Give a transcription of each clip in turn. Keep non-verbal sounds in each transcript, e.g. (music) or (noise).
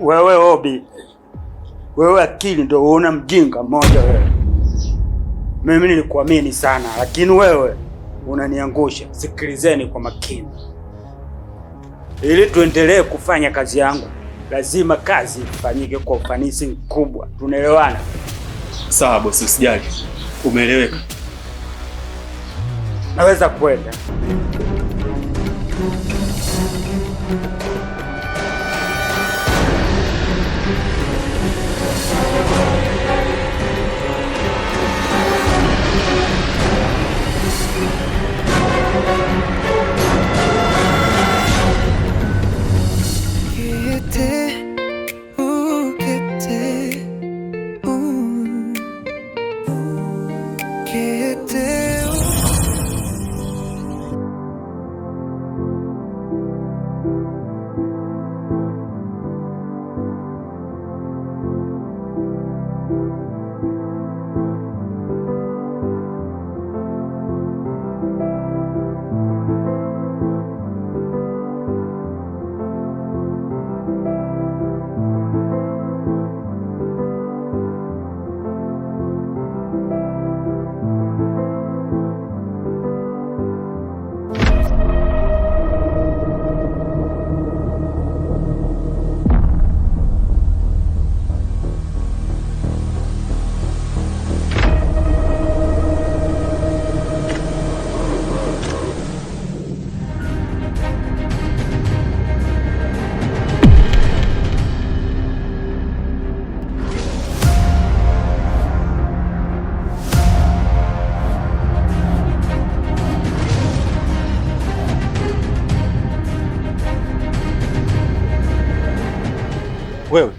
Wewe Obi, wewe akili ndio uona mjinga mmoja wewe. Mimi nilikuamini sana, lakini wewe unaniangusha. Sikilizeni kwa makini, ili tuendelee kufanya kazi yangu, lazima kazi ifanyike kwa ufanisi mkubwa. Tunaelewana? Sawa bosi, usijali, umeeleweka. Naweza kwenda. খেত Wewe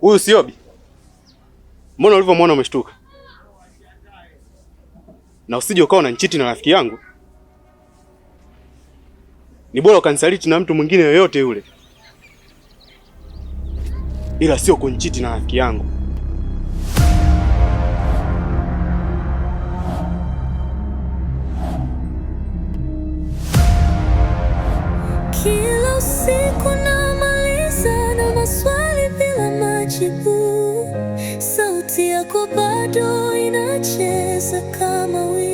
huyu siobi, mbona ulivyomwona umeshtuka? Na usije ukawa na nchiti na rafiki yangu, ni bora ukanisaliti na mtu mwingine yoyote yule, ila sio kunchiti na rafiki yangu. jibu, sauti yako bado inacheza kama wimbo.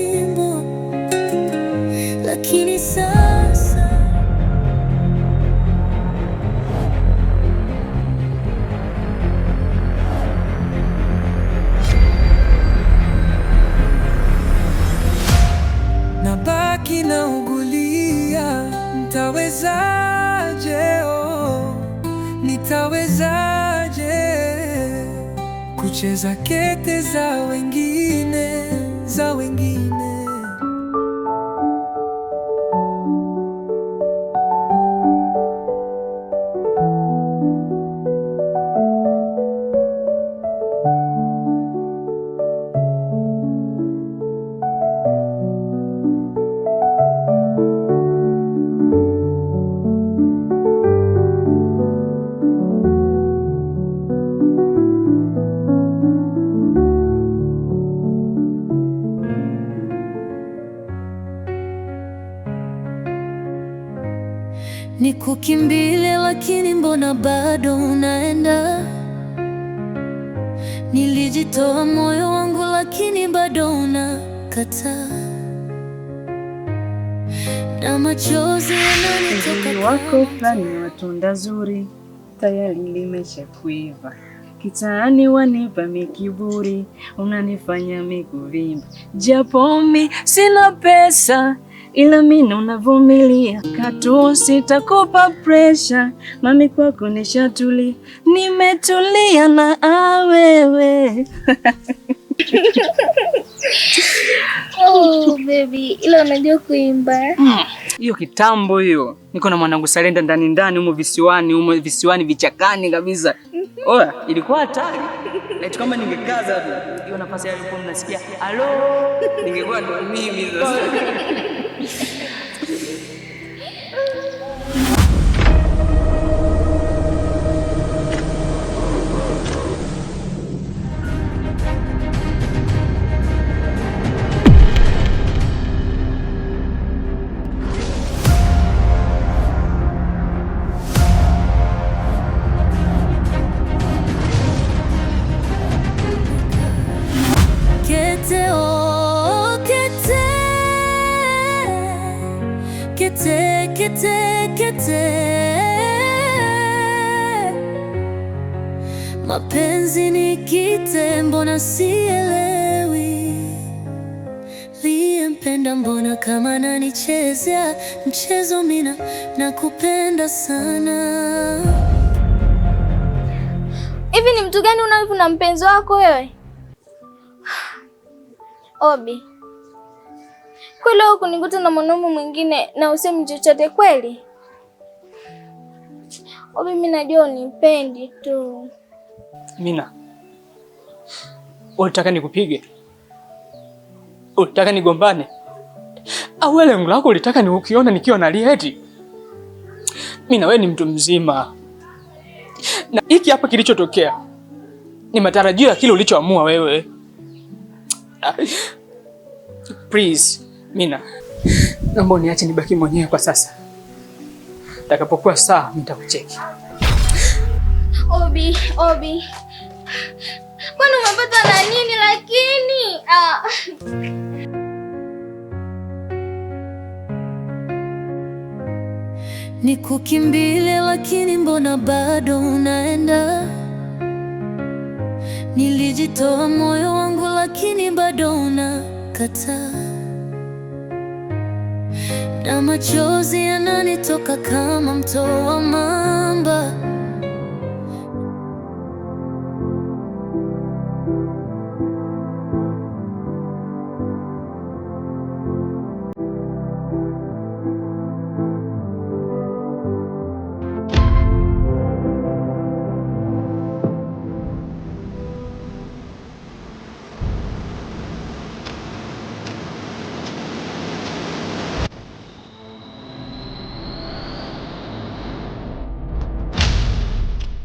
kucheza kete za wengine za wengine ukimbile, lakini mbona bado unaenda? Nilijitoa moyo wangu lakini bado unakataa, na machozi yananitoka. Wako fulani wa tunda zuri tayari limesha kuiva, kitaani wanipa mikiburi, unanifanya mikuvimba, japo mi sina pesa ila mina unavumilia katu, sitakupa presha mami, kwako nishatuli, nimetulia na awewe (laughs) Oh, baby ila unajua kuimba hmm. hiyo kitambo hiyo. Niko na mwanangu Salenda ndani ndani humo visiwani humo visiwani vichakani kabisa. Oya, ilikuwa hatari. Laiti kama ningekaza hiyo nafasi ya yalikuwa nasikia alo, ningekuwa ndo mimi sasa teketekete. Mapenzi ni kitembo na sielewi, liyempenda mbona kama nanichezea mchezo? Mina nakupenda sana. Hivi ni mtu gani unawivu na mpenzi wako wewe, (sighs) Obi? Kweli wewe kunikuta na mwanaume mwingine na usemi chochote kweli? Mimi najua unipendi tu. Mina, unataka nikupige? Unataka nigombane? Au wewe lengo lako ulitaka ni ukiona nikiwa nalia eti? Mina, wewe ni mtu mzima, na hiki hapa kilichotokea ni matarajio ya kile ulichoamua wewe. Please. Mina, naomba uniache nibaki mwenyewe kwa sasa. Takapokuwa saa nitakucheki. Obi, Obi. Kwani umepata na nini lakini? Ah. Nikukimbile lakini mbona bado unaenda? Nilijitoa moyo wangu lakini bado unakataa na machozi yananitoka kama mto wa mamba.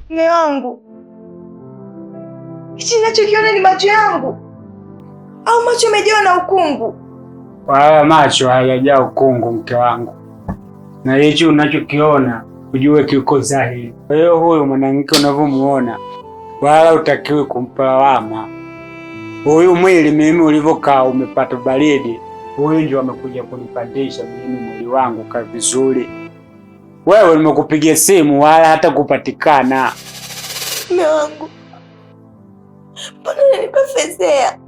Mume wangu, hichi ninachokiona ni macho yangu au macho yamejawa na ukungu? Haya macho hayajaa ukungu, mke wangu, na hichi unachokiona ujue kiko dhahiri. Kwa hiyo huyu mwanamke unavyomuona, wala utakiwi kumpa lawama. Huyu mwili mimi ulivyokaa umepata baridi, huyu ndio amekuja kunipandisha mimi mwili wangu kavizuli vizuri wewe nimekupigia simu wala hata kupatikana. Mume wangu, mbona nanipafezea?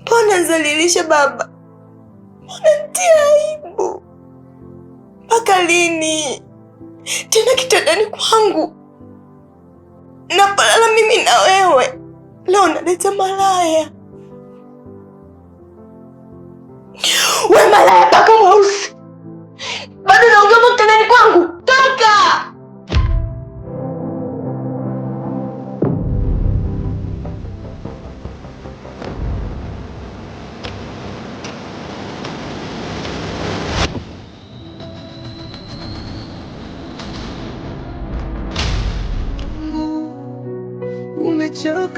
Mbona nzalilisha baba? Mbona ntia aibu? Mpaka lini tena kitandani kwangu napalala mimi na wewe? Leo naleta malaya. We malaya paka mweusi bado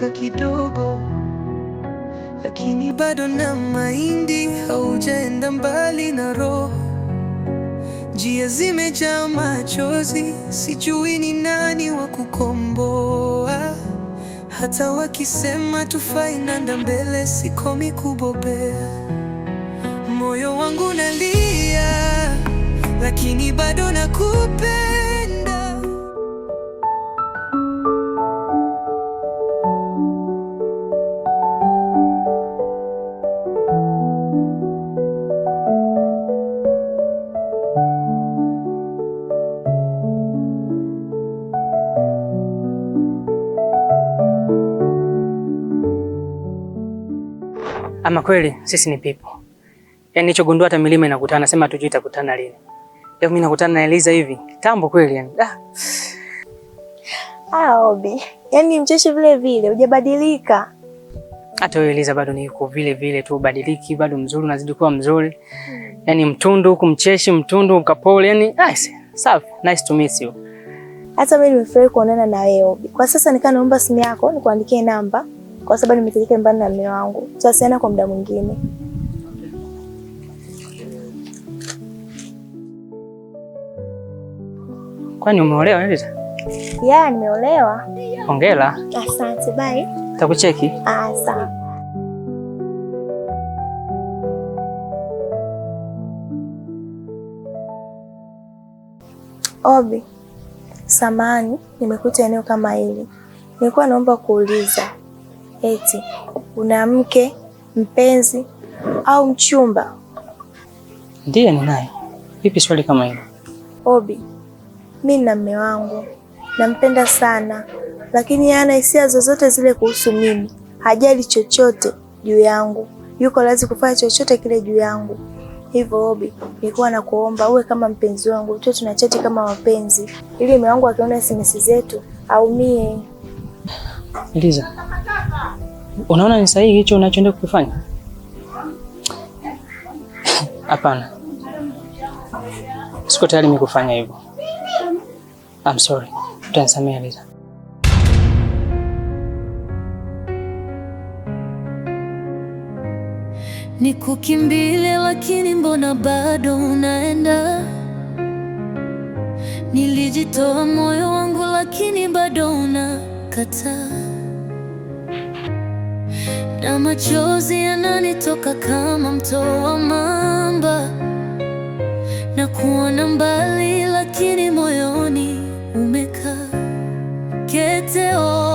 kuchoka kidogo, lakini bado na mahindi, haujaenda mbali na roho. Njia zimejaa machozi, sijui ni nani wa kukomboa. Hata wakisema tufainanda mbele, sikomi kubobea. Moyo wangu nalia, lakini bado nakupenda Ama kweli sisi ni pipo. Yaani nilichogundua hata milima inakutana, sema hatujui itakutana lini. Leo mimi nakutana na Eliza hivi. Tambo kweli yani. Ah. Ah, Obi. Yaani mcheshi vile vile, hujabadilika. Hata wewe Eliza bado ni yuko vile vile tu, badiliki bado mzuri, unazidi kuwa mzuri. Mm. Yaani mtundu kumcheshi, mtundu ukapole, yani nice. Ah, safi. Nice to meet you. Hata mimi nimefurahi kuonana na wewe Obi. Kwa sasa nikaa naomba simu yako, nikuandikie namba kwa sababu nimetajika mbali na mume wangu. Tutasiana kwa muda mwingine. Kwani umeolewa Lita? Ya, nimeolewa. Hongera. Asante, bye. Takucheki. Asante. Obi, samani, nimekuta eneo kama hili, nilikuwa naomba kuuliza eti una mke, mpenzi au mchumba? Ndiye ninaye. Vipi swali kama hilo? Obi, mi na mme wangu nampenda sana, lakini hana hisia zozote zile kuhusu mimi. Hajali chochote juu yangu, yuko lazi kufanya chochote kile juu yangu. Hivyo Obi, nilikuwa nakuomba uwe kama mpenzi wangu, tuwe tunachati kama wapenzi, ili mme wangu akiona SMS zetu aumie. Liza, Unaona ni sahihi hicho unachoenda kukifanya? Hapana, siko tayari mimi kufanya hivyo. I'm sorry, utanisamea Liza. Ni kukimbile lakini mbona bado unaenda? Nilijitoa moyo wangu lakini bado unakataa na machozi yananitoka kama mto wa mamba, na kuona mbali, lakini moyoni umekaa Keteo.